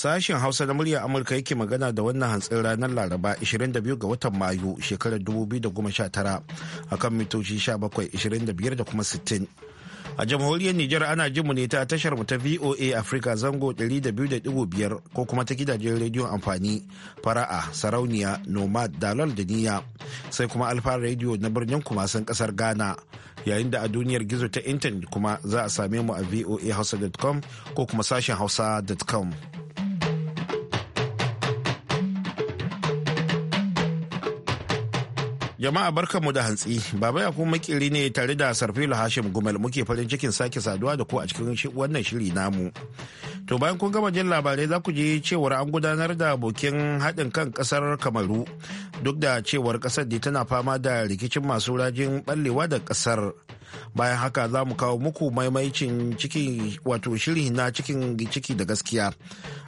Sashen Hausa na muryar Amurka yake magana da wannan hantsin ranar Laraba 22 ga watan Mayu shekarar 2019 akan mitoci 1725 da kuma 60. A jamhuriyar Nijar ana jin mu ne ta tashar mu ta VOA Africa zango 200.5 ko kuma ta gidajen rediyon amfani fara'a sarauniya nomad dalal da niya sai kuma alfa rediyo na birnin kumasan kasar Ghana yayin da a duniyar gizo ta intanet kuma za a same mu a voahausa.com ko kuma sashen hausa.com. Jama'a barkanmu da hantsi, Baba Yakubu makiri ne tare da Sarfilu Hashim Gumel muke farin cikin sake saduwa da ku a cikin wannan shiri namu. To bayan kun gama jin labarai za ku je cewar an gudanar da bokin haɗin kan ƙasar Kamaru duk da cewar ƙasar da tana fama da rikicin masu rajin ɓallewa da ƙasar. Bayan haka za mu kawo muku maimaicin ciki wato shirin na cikin ciki da gaskiya.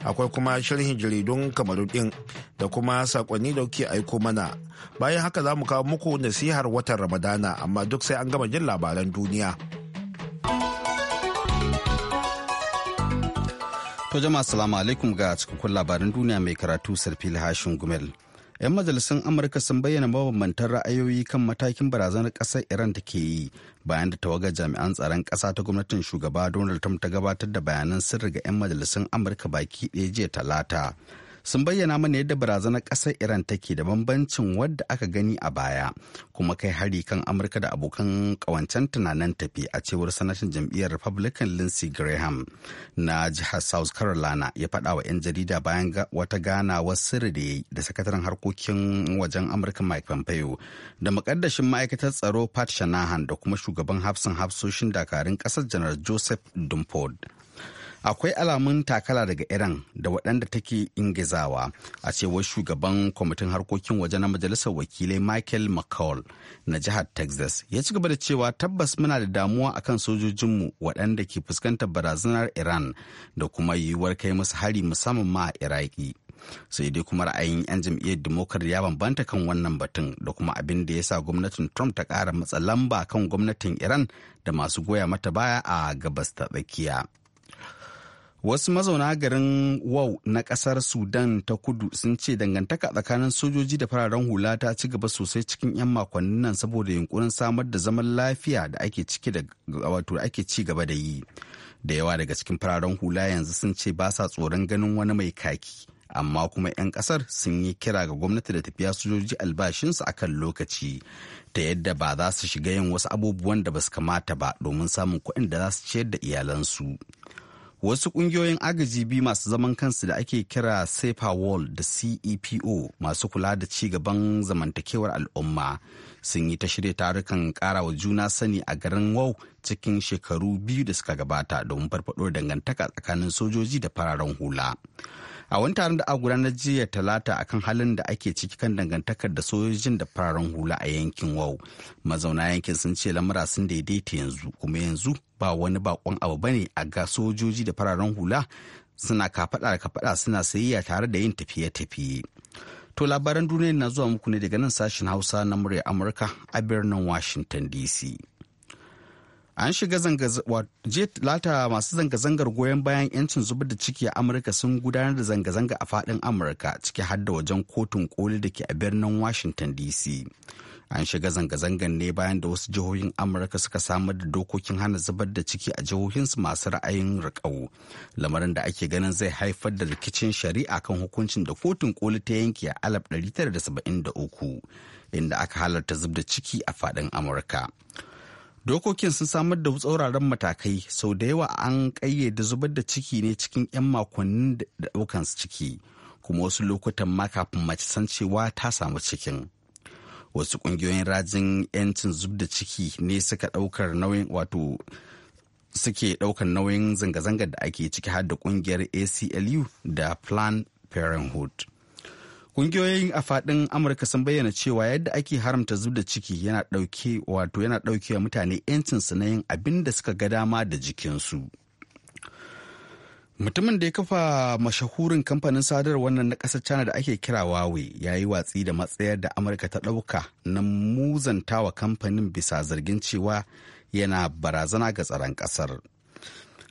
Akwai kuma shirin jaridun Kamaru ɗin da kuma sakonni da kuke aiko mana. Bayan haka za mu kawo muku nasihar watan Ramadana amma duk sai an gama jin labaran duniya. To jama'a assalamu alaikum ga cikakkun labaran duniya mai karatu Sarfil Hashin Gumel. 'Yan majalisun Amurka sun bayyana mabambantan ra'ayoyi kan matakin barazanar ƙasar Iran da ke yi bayan da tawagar jami'an tsaron ƙasa ta gwamnatin shugaba Donald Trump ta gabatar da bayanan sirri ga 'yan majalisun Amurka baki ɗaya jiya talata. sun bayyana mana yadda barazanar ƙasar iran take da bambancin wadda aka gani a baya kuma kai hari kan amurka da abokan ƙawancen tunanin tafi a cewar sanatan jam'iyyar republican lindsey graham na jihar south carolina ya faɗa wa 'yan jarida bayan wata ganawar sirri da ya da sakataren harkokin wajen amurka mike pompeo da makaddashin ma'aikatar tsaro pat shanahan da kuma shugaban hafsin hafsoshin dakarun ƙasar janar joseph dunford akwai alamun takala daga iran da waɗanda take ingizawa a cewar shugaban kwamitin harkokin waje na majalisar wakilai michael mccall na jihar texas ya ci gaba da cewa tabbas muna da damuwa akan sojojinmu waɗanda ke fuskantar barazanar iran da kuma yiwuwar kai masu hari musamman ma a iraki sai dai kuma ra'ayin 'yan jam'iyyar demokar ya bambanta kan wannan batun da kuma abin da ya sa gwamnatin trump ta kara matsa lamba kan gwamnatin iran da masu goya mata baya a gabas ta tsakiya. Wasu mazauna garin Wau na kasar Sudan ta kudu sun ce dangantaka tsakanin sojoji da fararen hula ta ci gaba sosai cikin 'yan makonnin nan saboda yunkurin samar da zaman lafiya da ake ciki da wato ake ci gaba da yi. Da yawa daga cikin fararen hula yanzu sun ce ba sa tsoron ganin wani mai kaki. Amma kuma 'yan kasar sun yi kira ga gwamnati da tafiya sojoji albashinsu akan lokaci ta yadda ba za su shiga yin wasu abubuwan da ba su kamata ba domin samun kuɗin da za su ciyar da iyalansu. wasu ƙungiyoyin agaji biyu masu zaman kansu da ake kira sepa wall da cepo masu kula da ci gaban zamantakewar al'umma sun yi ta shirya tarukan karawa juna sani a garin wau cikin shekaru biyu da suka gabata don farfaɗo dangantaka tsakanin sojoji da fararen hula a wani taron da a gudanar jiya talata akan halin da ake ciki kan dangantakar da sojojin da fararen hula a yankin wau mazauna yankin sun ce lamura sun daidaita yanzu kuma yanzu ba wani bakon abu bane a ga sojoji da fararen hula suna kafaɗa da kafaɗa suna sayayya tare da yin tafiye-tafiye to labaran duniya na zuwa muku ne daga nan sashen hausa na murya amurka a birnin washington dc an shiga lata masu zanga-zangar goyon bayan 'yancin zubar da ciki a amurka sun gudanar da zanga-zanga a fadin amurka ciki har da wajen kotun koli da ke a birnin washington dc an shiga zanga-zangar ne bayan da wasu jihohin amurka suka samar da dokokin hana zubar da ciki a jihohinsu masu ra'ayin rikau lamarin da ake ganin zai haifar da rikicin shari'a kan hukuncin da kotun koli ta yanke a 1973 inda aka halarta zub da ciki a faɗin amurka dokokin sun samar da tsauraran matakai sau da yawa an kayyade zubar da ciki ne cikin 'yan makonnin da ɗaukansu ciki kuma wasu lokutan ma kafin mace san cewa ta samu cikin wasu ƙungiyoyin rajin 'yancin zub da ciki ne suka ɗaukar nauyin wato suke daukar nauyin zanga-zangar da ake ciki har da ƙungiyar aclu da plan parenthood Kungiyoyin a faɗin Amurka sun bayyana cewa yadda ake haramta zub da ciki yana ɗauke wato yana ɗaukewa mutane yancin su na yin abin da suka ga dama da jikinsu. Mutumin da ya kafa mashahurin kamfanin sadarwar nan na ƙasar China da ake kira Huawei ya yi watsi da matsayar da Amurka ta ɗauka na muzantawa kamfanin bisa zargin cewa yana barazana ga tsaron ƙasar.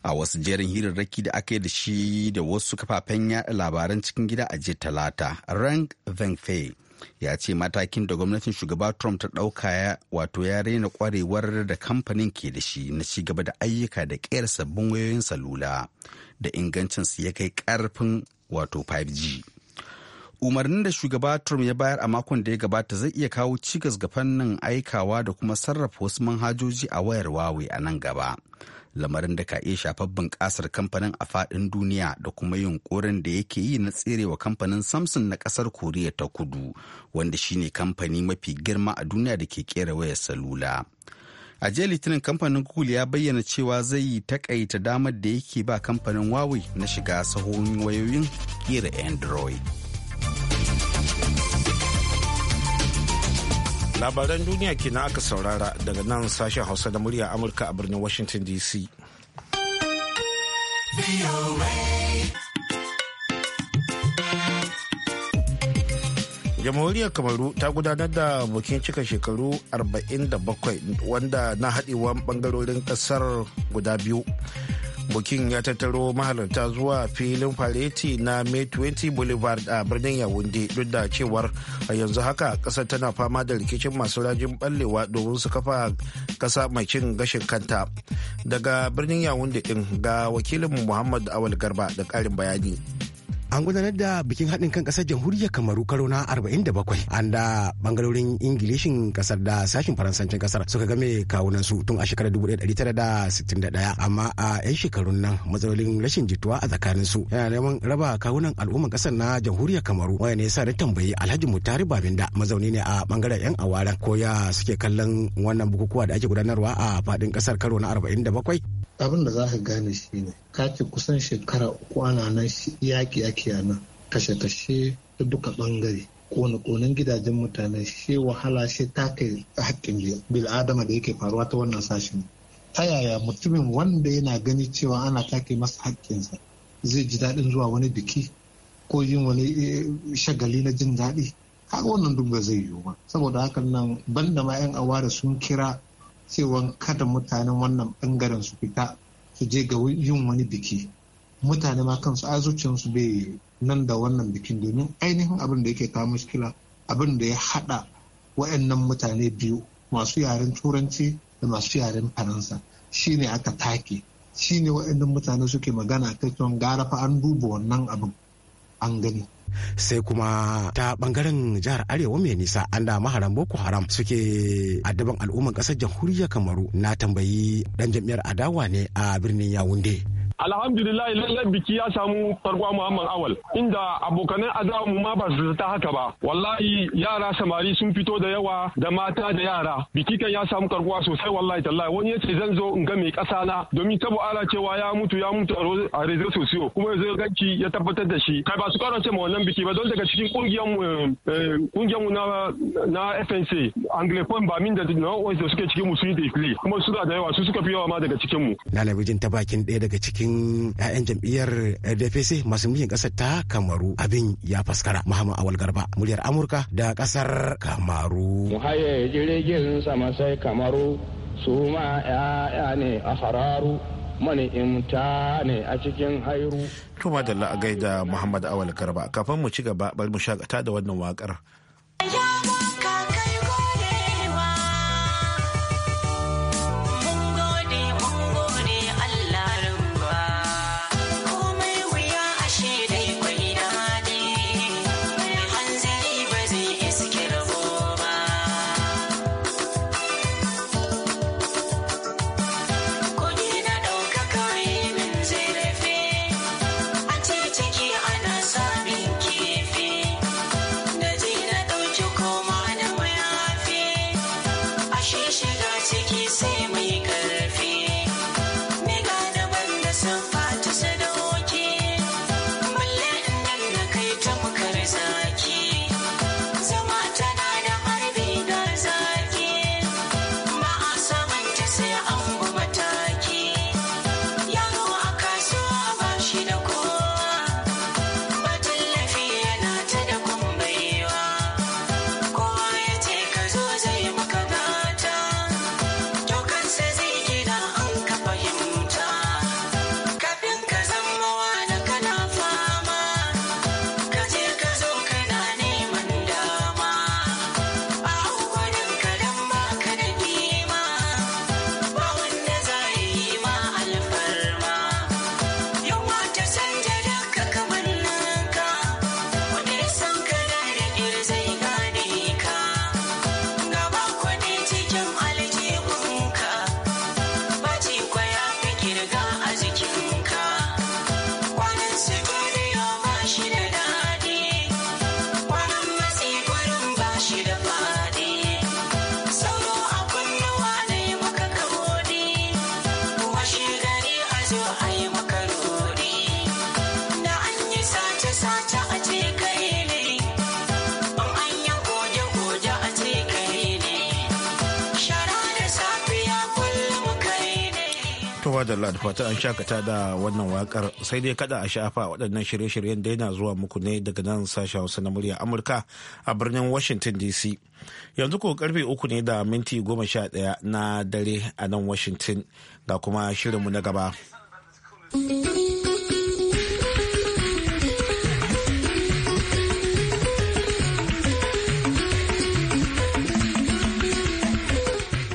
a wasu jerin hirarraki da aka yi da shi da wasu kafafen yada labaran cikin gida a jiya talata rang Vengfe ya ce matakin da gwamnatin shugaba trump ta ɗauka ya wato ya raina kwarewar da kamfanin ke da shi na cigaba da ayyuka da ƙera sabbin wayoyin salula da ingancin su ya kai karfin wato 5g umarnin da shugaba trump ya bayar a makon da ya gabata zai iya kawo cigas ga fannin aikawa da kuma sarrafa wasu manhajoji a wayar wawe a nan gaba lamarin da ka iya shafar bunƙasar kamfanin a faɗin duniya da kuma yunkurin da yake yi na tserewa kamfanin samsung na ƙasar koriya ta kudu wanda shine kamfani mafi girma a duniya da ke ƙera wayar salula a jiya litinin kamfanin google ya bayyana cewa zai yi takaita damar da yake ba kamfanin huawei na shiga sahun wayoyin ƙera android labaran duniya kenan aka saurara daga nan sashen hausa da murya amurka a birnin washington dc jamhuriyar kamaru ta gudanar da bukin cika shekaru 47 wanda na haɗewan ɓangarorin ƙasar guda biyu bukin ya tattaro mahalarta zuwa filin fareti na may 20 boulevard a birnin yawunde duk da cewar a yanzu haka kasar tana fama da rikicin masu rajin ballewa domin su kafa kasa mai cin gashin kanta daga birnin yawunde din ga wakilin muhammad awal garba da karin bayani an gudanar da bikin haɗin kan ƙasar jamhuriyar kamaru karo na 47 an da bangarorin ingilishin ƙasar da sashin faransancin ƙasar suka game kawunan su tun a shekarar 1961 amma a 'yan shekarun nan matsalolin rashin jituwa a tsakanin su yana neman raba kawunan al'umman ƙasar na jamhuriyar kamaru wanda ne sa na tambayi alhaji mutari babinda mazauni ne a bangaren 'yan awara ko ya suke kallon wannan bukukuwa da ake gudanarwa a faɗin ƙasar karo na 47 abin da za ka gane shi ne ka ce kusan shekara uku ana nan yaƙi ake nan kashe-kashe ta duka bangare kone-konen gidajen mutane shi wahala shi ta kai haƙƙin adama da yake faruwa ta wannan sashen ta yaya mutumin wanda yana gani cewa ana take masa haƙƙinsa zai ji daɗin zuwa wani biki ko yin wani eh, shagali na jin daɗi haka wannan duk ba zai yiwu ba saboda hakan nan banda ma 'yan awara sun kira cewa kada mutanen wannan bangaren su fita su je ga yin wani biki mutane ma kansu a zuciyarsu bai nan da wannan bikin domin ainihin abin da yake kawo muskila abin da ya hada wayannan mutane biyu masu yaren turanci da masu yaren faransa shine aka take shine wayannan mutane suke magana kai cewa gara fa an duba wannan abin an gani sai kuma ta bangaren jihar arewa mai nisa an da maharan boko haram suke addaban al'umman kasar jamhuriyar kamaru na tambayi dan jam'iyyar adawa ne a birnin yawunde alhamdulillah lallai biki ya samu farko muhammad awal inda abokanai adawa mu ma ba su ta haka ba wallahi yara samari sun fito da yawa da mata da yara biki kan ya samu karkuwa sosai wallahi tallahi wani ya ce zan zo in ga mai kasa na domin tabo ala cewa ya mutu ya mutu a rezo sosiyo kuma ya zo ganci ya tabbatar da shi kai ba su karo ce ma wannan biki ba don daga cikin kungiyar mu kungiyan eh, mu na na FNC Anglophone ba min da na da suke cikin mu su yi kuma su da yawa su suka fi yawa ma daga cikin mu lalabijin ta bakin ɗaya daga cikin tsakanin 'ya'yan jam'iyyar eh, dpc masu mulkin ƙasar ta kamaru abin ya faskara muhammad awal garba muryar amurka da ƙasar kamaru mu haye jirgin sama sai kamaru su ma 'ya'ya ne a hararu imta ne a cikin hairu. Tuma da la'agai da Muhammad Awal Garba, kafin mu ci gaba bari mu shakata da wannan waƙar. madalla da fata an shakata da wannan wakar sai dai kada a shafa waɗannan shirye-shiryen yana zuwa muku ne daga nan sashen hausa na murya amurka a birnin washington dc yanzu ko karfe uku ne da minti goma sha ɗaya na dare a nan washington ga kuma shirinmu na gaba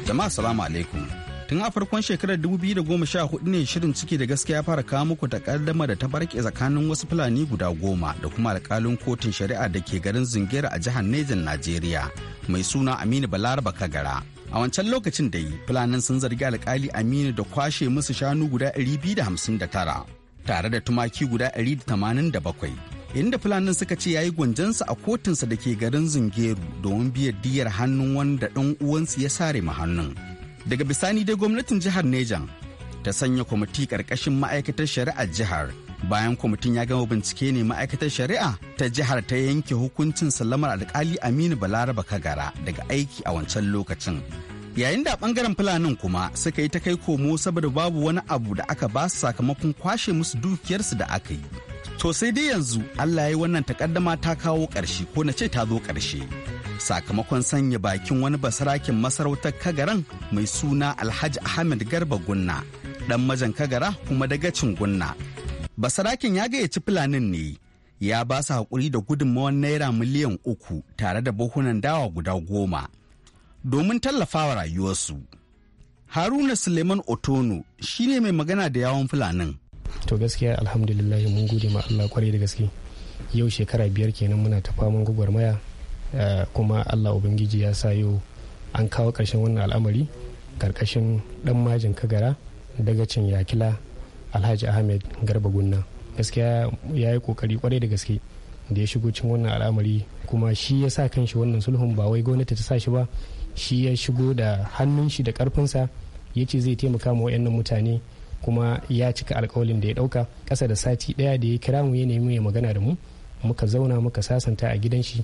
jama'a salamu alaikum tun a farkon shekarar 2014 ne shirin ciki da gaskiya fara kawo muku takaddama da ta barke tsakanin wasu fulani guda goma da kuma alkalin kotun shari'a da ke garin zingera a jihar Nejan Najeriya mai suna Aminu Balaraba Kagara. A wancan lokacin da yi fulanin sun zargi alkali Aminu da kwashe musu shanu guda 259 tare da tumaki guda 187 inda fulanin suka ce yayi gwanjansa a kotunsa da ke garin zingeru domin biyar diyar hannun wanda ɗan uwansu ya sare ma hannun daga bisani dai gwamnatin jihar Nejan ta sanya kwamiti ƙarƙashin ma'aikatar shari'ar jihar bayan kwamitin ya gama bincike ne ma'aikatar shari'a ta jihar ta yanke hukuncin sallamar alkali aminu balaraba kagara daga aiki a wancan lokacin yayin da bangaren fulanin kuma suka yi ta kai komo saboda babu wani abu da aka ba su sakamakon kwashe musu dukiyarsu da aka yi to sai dai yanzu allah ya yi wannan takaddama ta kawo ƙarshe ko na ce ta zo ƙarshe sakamakon sanya bakin wani basarakin masarautar kagaran mai suna alhaji ahmed garba gunna dan majan kagara kuma dagacin gunna basarakin ya gayyaci fulanin ne ya ba su haƙuri da gudunmawar naira miliyan uku tare da buhunan dawa guda goma domin tallafawa rayuwarsu haruna suleiman otono shine mai magana da yawon fulanin to gaskiya alhamdulillah mun gode ma allah kwarai da gaske yau shekara biyar kenan muna ta faman gwagwarmaya Eh, kuma allah ubangiji ya sa yau an kawo ƙarshen wannan al'amari karkashin dan majin kagara dagacin yakila alhaji ahmed garba gunna gaskiya ya yi kokari kwarai da gaske da ya shigo cin wannan al'amari kuma shi ya sa kanshi wannan sulhun ba wai gwamnati ta sa shi ba shi ya shigo da hannun shi da karfinsa ya ce zai taimaka ma wayannan mutane kuma ya cika alkawalin da ya ɗauka kasa da sati ɗaya da ya kira mu ya nemi ya magana da mu muka zauna muka sasanta a gidan shi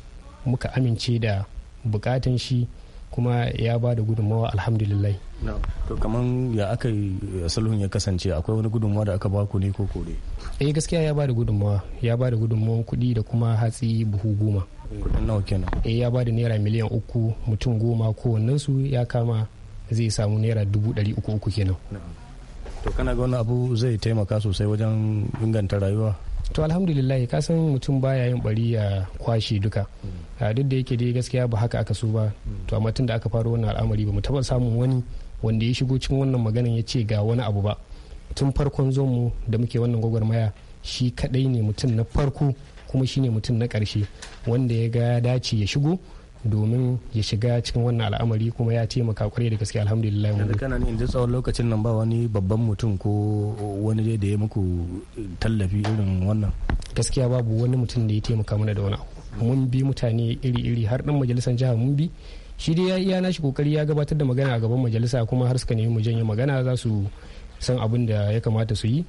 muka amince da bukatan shi kuma ya ba da gudunmawa alhamdulillah to kaman ya aka sulhun ya kasance akwai wani gudunmawa da aka ba ku ne ko kore eh gaskiya ya ba da gudunmawa ya ba da gudunmawa kuɗi da kuma hatsi buhu goma kuɗin nawa kenan eh ya ba da naira miliyan uku mutum goma wannan su ya kama zai samu naira dubu ɗari uku uku kenan to kana ga wani abu zai taimaka sosai wajen inganta rayuwa to alhamdulillah ka san mutum baya yin bari ya kwashe duka duk da yake dai gaskiya ba haka aka so ba to amma tun da aka faro wannan al'amari ba mu taba samun wani wanda ya shigo cikin wannan maganan ya ce ga wani abu ba tun farkon zon mu da muke wannan gwagwarmaya shi kadai ne mutum na farko kuma shine mutum na karshe wanda ya ga dace ya shigo domin ya shiga cikin wannan al'amari kuma ya taimaka kwarai da gaske alhamdulillah yanzu kana ne yanzu tsawon lokacin nan ba wani babban mutum ko wani da ya muku tallafi irin wannan gaskiya babu wani mutum da ya taimaka mana da wani abu mun bi mutane iri-iri har dan majalisar jihar mun bi shi dai ya iya nashi kokari ya gabatar da magana a gaban majalisa kuma har suka nemi mu janye magana za su san abin da ya kamata su yi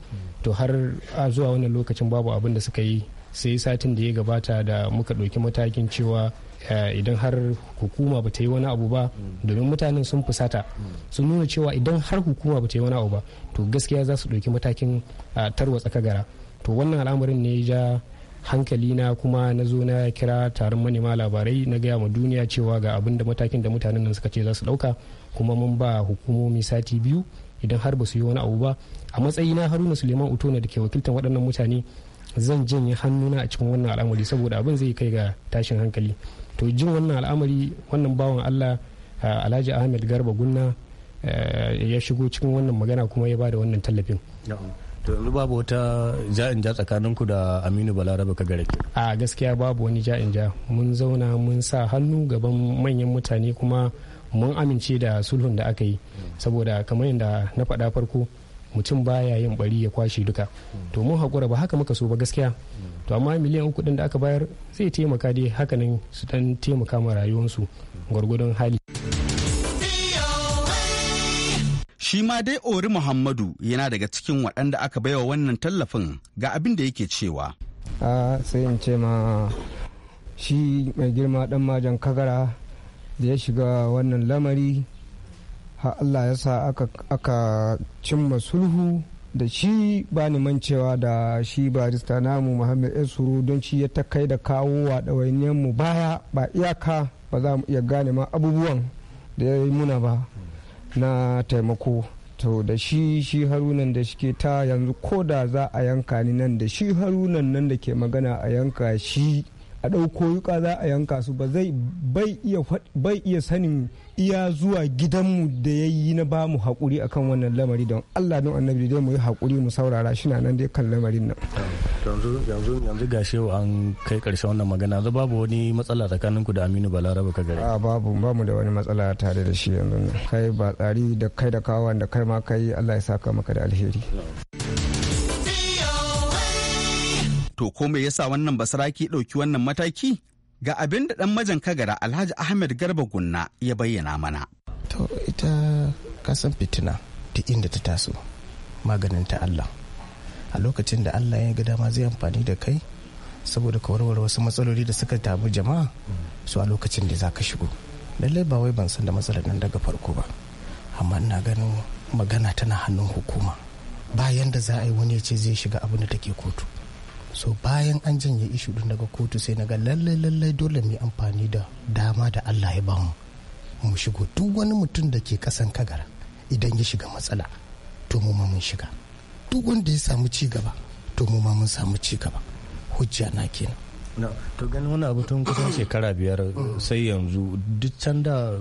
to har a zuwa wannan lokacin babu abin da suka yi sai satin da ya gabata da muka ɗauki matakin cewa Eh, idan har hukuma ba ta yi wani abu ba domin mutanen sun fusata sun nuna cewa idan har hukuma ba ta yi wani abu ba to gaskiya za su ɗauki matakin tarwa tsaka gara to wannan al'amarin ne ja hankali na kuma na zo na kira taron manema labarai na gaya ma duniya cewa ga abin da matakin da mutanen nan suka ce za su ɗauka kuma mun ba hukumomi sati biyu idan har ba su yi wani abu ba a matsayi na haruna suleiman utona da ke wakiltar waɗannan mutane zan janye hannuna a cikin wannan al'amari saboda abin zai kai ga tashin hankali to jin wannan al'amari wannan bawan allah alhaji ahmed garba gunna ya shigo cikin wannan magana kuma ya bada wannan tallafin to yanzu babu wata ja'in ja tsakanin ku da aminu balaraba ka gare a gaskiya babu wani ja'in ja mun zauna mun sa hannu gaban manyan mutane kuma mun amince da sulhun da aka yi saboda kamar yadda na faɗa farko mutum ba ya yin bari ya kwashe duka to mun hakura ba haka muka so ba gaskiya to amma miliyan uku da aka bayar zai taimaka dai hakanan su dan taimaka ma rayuwarsu gwargwadon hali shi ma dai ori muhammadu yana daga cikin waɗanda aka baiwa wannan tallafin ga abin da yake cewa a sai in ce ma shi mai girma dan majan kagara da ya shiga wannan lamari har Allah ya sa aka cimma sulhu da shi ba ni mancewa da shi barista namu Muhammad Esuru don shi ya ta kai da kawo wa ɗawainiyar mu baya ba iyaka ba za mu iya gane ma abubuwan da ya yi muna ba na taimako to da shi shi harunan da shi ke ta yanzu ko da za a yanka ni nan da shi harunan nan da ke magana a yanka shi a ɗauko yuka za a yanka su ba zai bai iya sanin iya zuwa gidanmu da ya yi na ba mu haƙuri akan wannan lamari don Allah don annabi dai mu yi haƙuri mu saurara shi na nan dai kan lamarin nan. yanzu yanzu yanzu an kai ƙarshen wannan magana yanzu babu wani matsala tsakaninku da Aminu Balaraba ka gari. a babu ba mu da wani matsala tare da shi yanzu kai ba tsari da kai da kawo da kai ma kai Allah ya saka maka da alheri. To ko me yasa wannan ke ɗauki wannan mataki? Ga abin da dan majan kagara Alhaji Ahmed Garba Gunna ya bayyana mana. To ita kasan fitina ta inda ta taso maganin ta Allah. A lokacin da Allah ya ga dama zai amfani da kai saboda ka warware wasu matsaloli da suka tabu jama'a su a lokacin da za ka shigo. Lallai ba wai ban san da matsalar nan daga farko ba. Amma ina ganin magana tana hannun hukuma. Bayan da za a yi wani ya ce zai shiga abin da take kotu. so bayan an janye ishu din daga kotu sai na ga lallai lallai dole mu amfani da dama da Allah ya bamu mu shigo duk wani mutum da ke kasan kagara idan ya shiga matsala to mu ma mun shiga duk wanda ya samu cigaba gaba to mu ma mun samu ci hujja na kenan to ganin wani abu tun kusan shekara biyar sai yanzu duk can da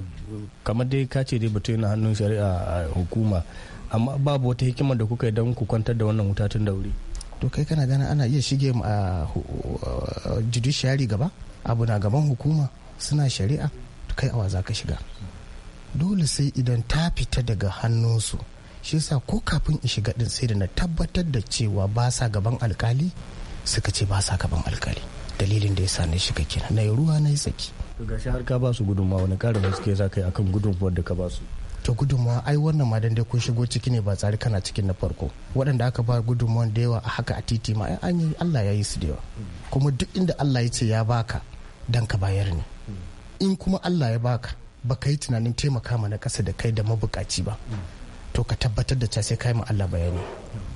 kamar dai ka ce dai batu yana hannun shari'a a hukuma amma babu wata hikimar da kuka yi don ku kwantar da wannan wuta tun da wuri to kai kana gana ana iya shige a judiciary gaba abu na gaban hukuma suna shari'a to kai awa za ka shiga dole sai idan ta fita daga hannunsu shi sa ko kafin in shiga din sai da na tabbatar da cewa ba sa gaban alkali suka ce ba sa gaban alkali dalilin da ya sa na shiga kenan na yi ruwa na yi tsaki to gashi har ka ba su gudunmawa wani karin suke za ka yi akan gudunmawar da ka ba su to gudunmuwa ai wannan ma dan dai kun shigo ciki ne ba tsari kana cikin na farko waɗanda aka ba gudunmawan da yawa a haka a titi ma an yi Allah ya yi su da yawa kuma duk inda Allah ya ce ya baka dan ka bayar ne in kuma Allah ya baka ba ka yi tunanin taimaka ma na ƙasa da kai da mabukaci ba to ka tabbatar da ta sai ka kai ma Allah bayani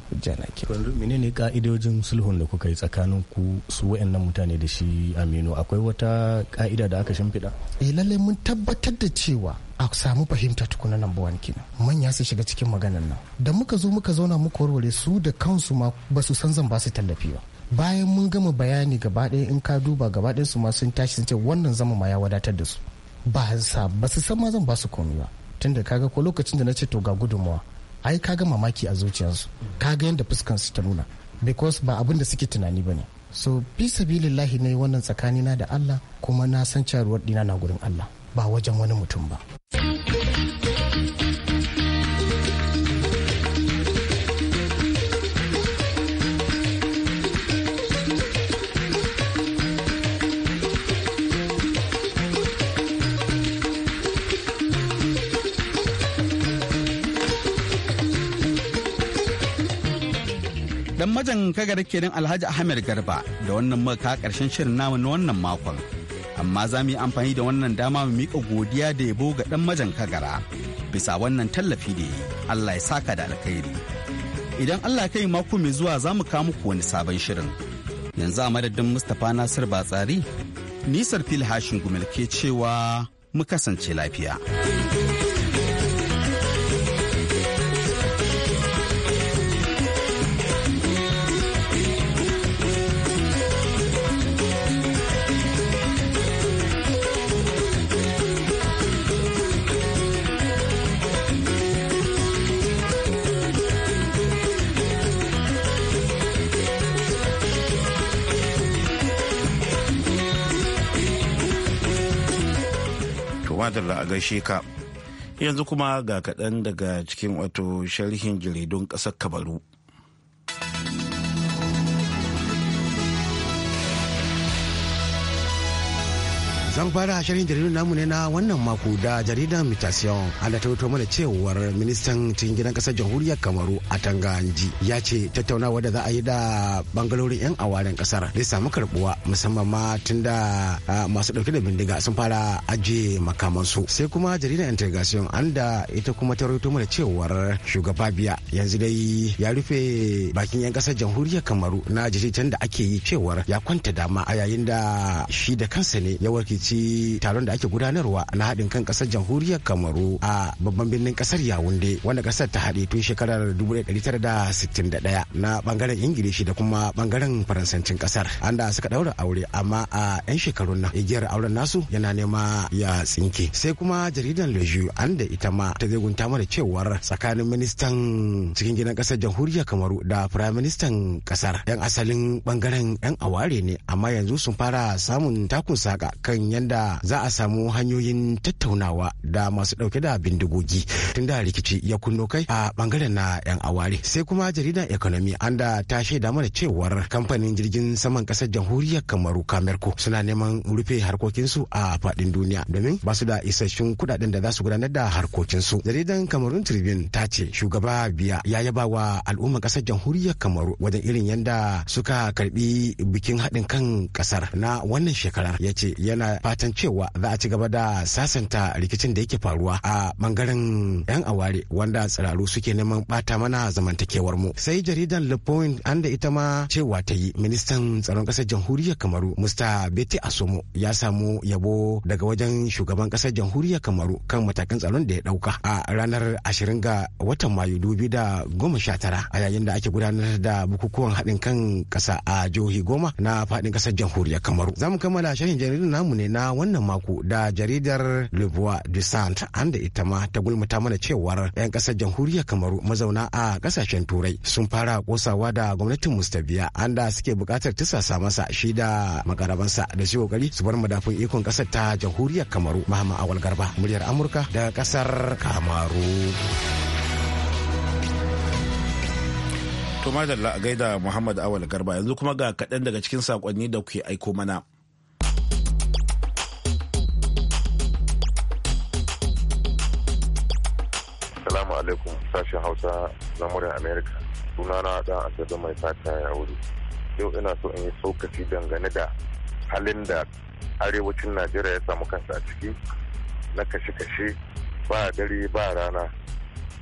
hujja ne ke menene ka'idojin sulhun da kuka yi tsakanin ku su wayannan mutane da shi aminu akwai wata ka'ida da aka shimfiɗa eh lallai mun tabbatar da cewa a samu fahimta tukuna nan bawan kina manya su shiga cikin maganar nan da muka zo muka zauna muka warware su da kansu ma ba su san zan ba su tallafi ba bayan mun gama bayani gaba ɗaya in ka duba gaba ɗaya su ma sun tashi sun ce wannan zama ma ya wadatar da su ba sa ba su san ma zan ba su komai ba tunda kaga ko lokacin da na ce to ga gudunmawa ai ga mamaki a zuciyarsu kaga yadda fuskan su ta nuna because ba abin da suke tunani bane so fi sabilillahi ne wannan tsakanina da Allah kuma na san caruwar dina na gurin Allah ba wajen wani mutum ba Dan majan kagara kenan Alhaji Ahmed Garba da wannan maka karshen shirin namu na wannan makon. Amma za mu yi amfani da wannan dama mu miƙa godiya da yabo ga dan majan kagara bisa wannan tallafi da yi. Allah ya saka da alkhairi. Idan Allah ya kai mako mai zuwa za mu kawo muku wani sabon shirin. Yanzu a madadin Mustapha Nasir Batsari, nisar fil hashin gumel ke cewa mu kasance lafiya. da a gaishe ka yanzu kuma ga kaɗan daga cikin wato sharhin jaridun ƙasar kabaru. Zan fara shirin jaridun namu ne na wannan mako da jaridar Mutation an da tawato mana cewar ministan cikin gidan kasar jamhuriyar Kamaru a Tanganji ya ce tattaunawa da za a yi da bangarorin 'yan awarin kasar zai samu karbuwa musamman ma tun da masu dauke da bindiga sun fara ajiye makamansu. Sai kuma jaridar Integration an da ita kuma ta rawaito mana cewar shugaba biya yanzu dai ya rufe bakin 'yan kasar jamhuriyar Kamaru na jiritan da ake yi cewar ya kwanta dama a yayin da shi da kansa ne ya warke halarci taron da ake gudanarwa na haɗin kan ƙasar jamhuriyar kamaru a babban birnin ƙasar yawunde wanda ƙasar ta haɗe tun shekarar 1961 na bangaren ingilishi da kuma bangaren faransancin ƙasar an da suka ɗaura aure amma a 'yan shekarun nan igiyar auren nasu yana nema ya tsinke sai kuma jaridan leju an da ita ma ta zai gunta mana cewar tsakanin ministan cikin gidan ƙasar jamhuriyar kamaru da firayim ministan ƙasar 'yan asalin bangaren 'yan aware ne amma yanzu sun fara samun takun saka kan yadda za a samu hanyoyin tattaunawa da masu ɗauke da bindigogi tun da rikici ya kunno kai a bangaren na 'yan aware sai kuma jaridar economy an da ta shaida mana cewar kamfanin jirgin saman ƙasar jamhuriyar kamaru kamerko suna neman rufe harkokinsu a faɗin duniya domin ba su da isasshun kudaden da za su gudanar da harkokinsu jaridar kamarun tribune ta ce shugaba biya ya yaba wa al'ummar ƙasar jamhuriyar kamaru wajen irin yadda suka karbi bikin haɗin kan ƙasar na wannan shekarar ya ce yana fatan cewa za a ci gaba da sasanta rikicin da yake faruwa a bangaren yan aware wanda tsiraru suke neman bata mana zamantakewar mu sai jaridan le point an da ita ma cewa ta yi ministan tsaron kasar jamhuriyar kamaru musta beti asomo ya samu yabo daga wajen shugaban kasar jamhuriyar kamaru kan matakan tsaron da ya dauka a ranar 20 ga watan mayu tara, a yayin da ake gudanar da bukukuwan haɗin kan ƙasa a jihohi goma na faɗin kasar jamhuriyar kamaru za mu kammala shirin jaridan namu ne na wannan mako da jaridar Le Voix du Centre an ita ma ta gulmuta mana cewar 'yan ƙasar jamhuriyar Kamaru mazauna a ƙasashen Turai sun fara kosawa da gwamnatin Mustabiya an da suke buƙatar tisasa masa shi da makarabansa da su kokari su bar madafun ikon ƙasar ta jamhuriyar Kamaru Muhammad Awal Garba muryar Amurka da ƙasar Kamaru. To madalla a gaida Muhammad Awal Garba yanzu kuma ga kaɗan daga cikin saƙonni da kuke aiko mana. alaikum sashen Hausa na murin Amerika. Sunana dan Asabe mai fata ya wuri. Yau ina so in yi saukaci dangane da halin da arewacin Najeriya ya samu kansa a ciki na kashe-kashe ba dare ba rana.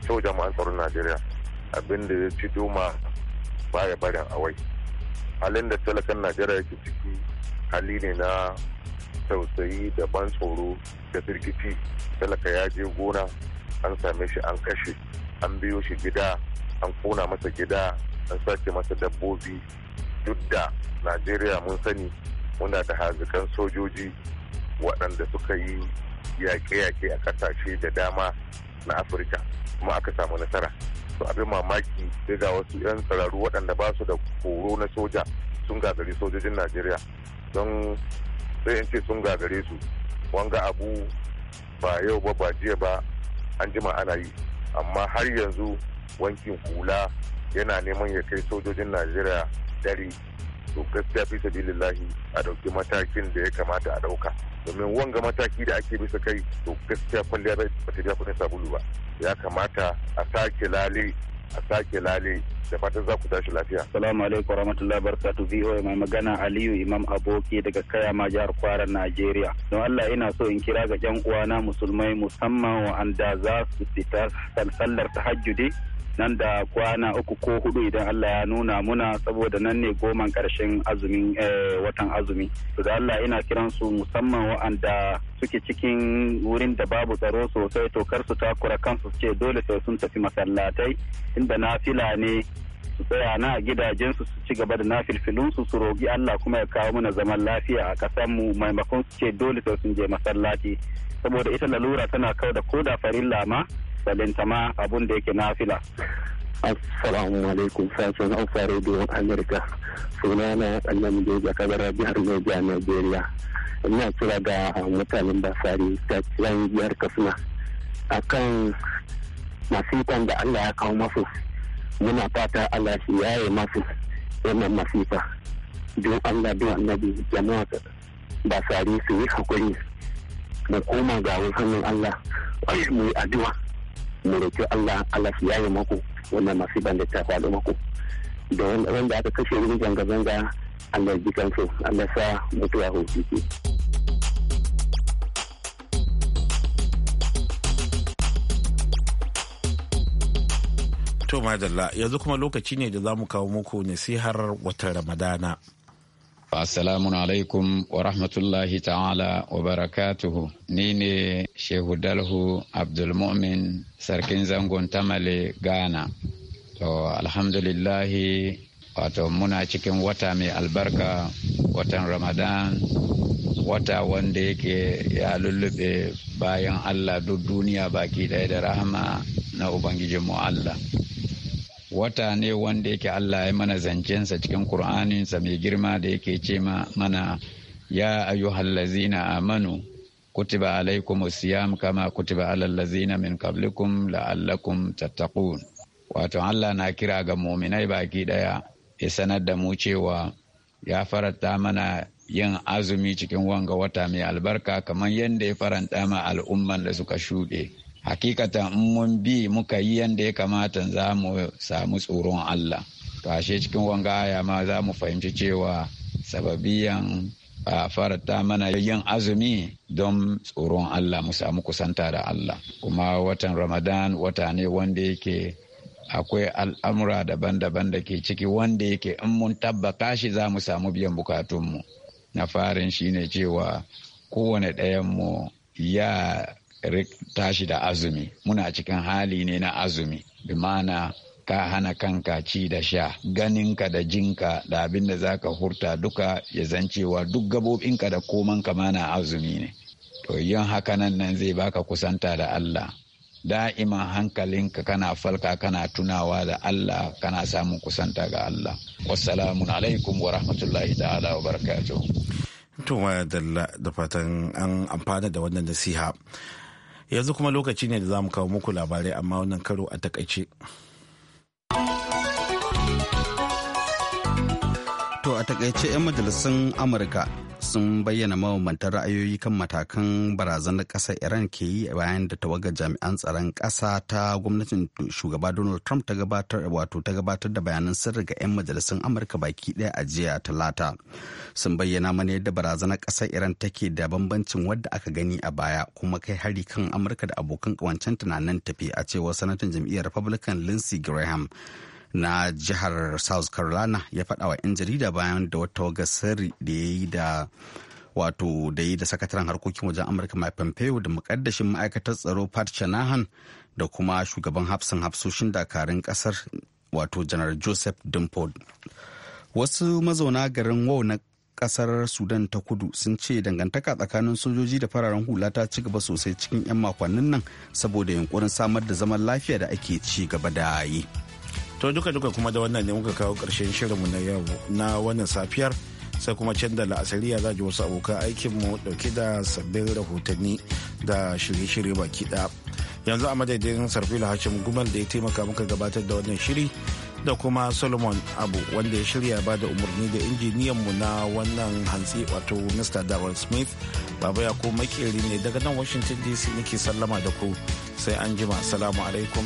Kyau jama'an tsaron Najeriya abin da ya ci duma baya barin awai. Halin da talakan Najeriya yake ciki hali ne na tausayi da ban tsoro da firgici talaka ya je gona an same shi an kashe an biyo shi gida an kona masa gida an sace masa dabbobi duk da najeriya mun sani muna da hazikan sojoji waɗanda suka yi yaƙe-yaƙe a ƙasashe da dama na afirka kuma aka samu nasara to abin mamaki sai ga wasu 'yan tsararru waɗanda ba su da horo na soja sun gagari sojojin najeriya don sai in ce sun gagare su wanga abu ba yau ba ba jiya ba an jima ana yi amma har yanzu wankin hula yana neman ya kai sojojin najeriya dare to gaskiya fi sabilillahi a ɗauki matakin da ya kamata a ɗauka domin wanga mataki da ake bisa kai to gaskiya kwalliya bai bata biya kudin sabulu ba ya kamata a sake lale a sake lale da fatan za ku tashi lafiya. Salamu alaikum warahmatullahi barakatu VOA mai magana Aliyu Imam Aboki daga Kayama jihar Kwara Najeriya. Don Allah ina so in kira ga yan uwana musulmai musamman wa'anda za su fita sallar tahajjudi nan da kwana uku ko hudu idan Allah ya nuna muna saboda nan ne goman karshen azumin eh, watan azumi to da Allah ina kiran su musamman wa'anda suke cikin wurin da babu tsaro sosai to kar su takura kansu ce dole sai sun tafi masallatai inda nafila ne su tsaya na a gidajensu su ci gaba da nafilfilinsu su rogi Allah kuma ya kawo mana zaman lafiya a mu maimakon su ce dole sai sun je masallati saboda ita lalura tana kau da koda farin lama ma abun da yake nafila assalamu alaikum sashen hausa radio america suna na annan joja kadara jihar Niger Nigeria ina kira ga mutanen basari ta kiran jihar Katsina akan masifan da Allah ya kawo masu muna fata Allah shi yaye masu wannan masifa don Allah don annabi jama'a basari su yi hakuri mu koma ga wasannin Allah mu yi addu'a mu roki Allah Allah su yaye maku wannan masiban da ta faɗo muku da wanda aka kashe wurin zanga-zanga Allah ji kansu Allah sa mutuwa hoci ke. To madalla yanzu kuma lokaci ne da za mu kawo muku nasihar watan Ramadana. Assalamu alaikum wa rahmatullahi ta'ala wa barakatuhu. Ni ne Shehu Dalhu Abdulmumin Sarkin Zangon Tamale Ghana. To alhamdulillahi wato muna cikin wata mai albarka watan Ramadan wata wanda yake ya lullube bayan Allah duk duniya baki ɗaya da rahama na Ubangijinmu Allah. wata ne wanda yake Allah ya mana zancensa cikin Kur'aninsa mai girma da yake ce mana ya ayyuhallazina amanu kutiba alaikum siyam kama kutiba alal ladzina min qablikum la'allakum tattaqun wato Allah na kira ga muminai baki daya ya sanar da mu cewa ya faranta mana yin azumi cikin wanga wata mai albarka kamar yadda ya faranta ma al'umman da suka shuɗe hakikatan in mun bi muka yi yanda ya kamata za mu samu tsoron Allah to ashe cikin wanga aya ma za mu fahimci cewa sababiyan a farata mana yin azumi don tsoron Allah mu samu kusanta da Allah kuma watan Ramadan wata ne wanda yake akwai al'amura daban-daban da ke ciki wanda yake in mun tabbata shi za mu samu biyan bukatunmu na farin shine cewa kowane ɗayanmu ya tashi da azumi muna cikin hali ne na azumi bi mana ka hana kanka ci da sha ganinka da jinka da abin da zaka hurta duka ya zancewa duk gabobinka da komanka mana azumi ne to yin haka nan nan zai baka kusanta da Allah da'ima hankalinka kana falka kana tunawa da Allah kana samun kusanta ga Allah wassalamu alaikum wa rahmatullahi ta'ala wa barakatuh to da fatan an amfana da wannan nasiha yanzu kuma lokaci ne da za mu kawo muku labarai amma wannan karo a takaice. To a takaice 'yan majalisun Amurka sun bayyana mawamantar ra'ayoyi kan matakan barazanar ƙasar Iran ke yi bayan da tawagar jami'an tsaron ƙasa ta gwamnatin shugaba Donald Trump ta gabatar wato ta gabatar da bayanan sirri ga 'yan majalisun Amurka baki ɗaya a jiya Talata. Sun bayyana mana yadda barazanar ƙasar Iran take da bambancin wadda aka gani a baya kuma kai hari kan Amurka da abokan ƙawancen tunanin tafi a cewar sanatan jam'iyyar Republican Lindsey Graham. na jihar south carolina ya faɗa wa 'yan jarida bayan da wata waga sirri da ya yi da wato da yi da sakataren harkokin wajen amurka mai pompeo da mukaddashin ma'aikatar tsaro pat shanahan da kuma shugaban hafsan hafsoshin dakarun kasar wato janar joseph dimford wasu mazauna garin wau na kasar sudan ta kudu sun ce dangantaka tsakanin sojoji da fararen hula ta ci gaba sosai cikin 'yan makonnin nan saboda yunkurin samar da zaman lafiya da ake ci gaba da yi. to duka duka kuma da wannan ne muka kawo karshen shirinmu na yau na wannan safiyar sai kuma can da la'asariya za ji wasu abokan aikinmu dauke da sabbin rahotanni da shirye-shirye baki ɗaya yanzu a madadin sarfila hashim gumal da ya taimaka muka gabatar da wannan shiri da kuma solomon abu wanda ya shirya ba da umarni da injiniyanmu na wannan hantsi wato mr darwin smith baba ya ko makeri ne daga nan washington dc nake sallama da ku sai an jima salamu alaikum